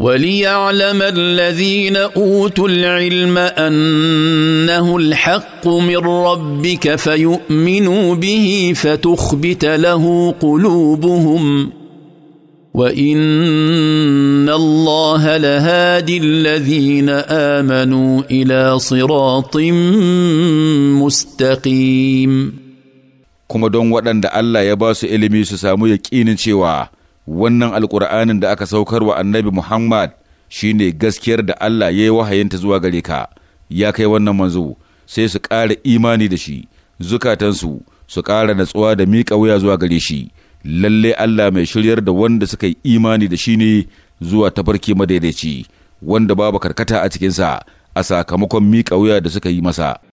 وليعلم الذين اوتوا العلم انه الحق من ربك فيؤمنوا به فتخبت له قلوبهم وان الله لهادي الذين امنوا الى صراط مستقيم kuma don waɗanda Allah ya ba su ilimi su samu wannan alƙur'anin da aka saukar wa annabi Muhammad shine gaskiyar da Allah ya yi wahayinta zuwa gare ka, ya kai wannan manzo, sai su ƙara imani da shi, zukatansu su ƙara natsuwa da miƙa wuya zuwa gare shi, lalle Allah mai shiryar da wanda suka yi imani da shi ne zuwa tafarki madaidaici, wanda babu karkata a cikinsa a sakamakon miƙa wuya da suka yi masa.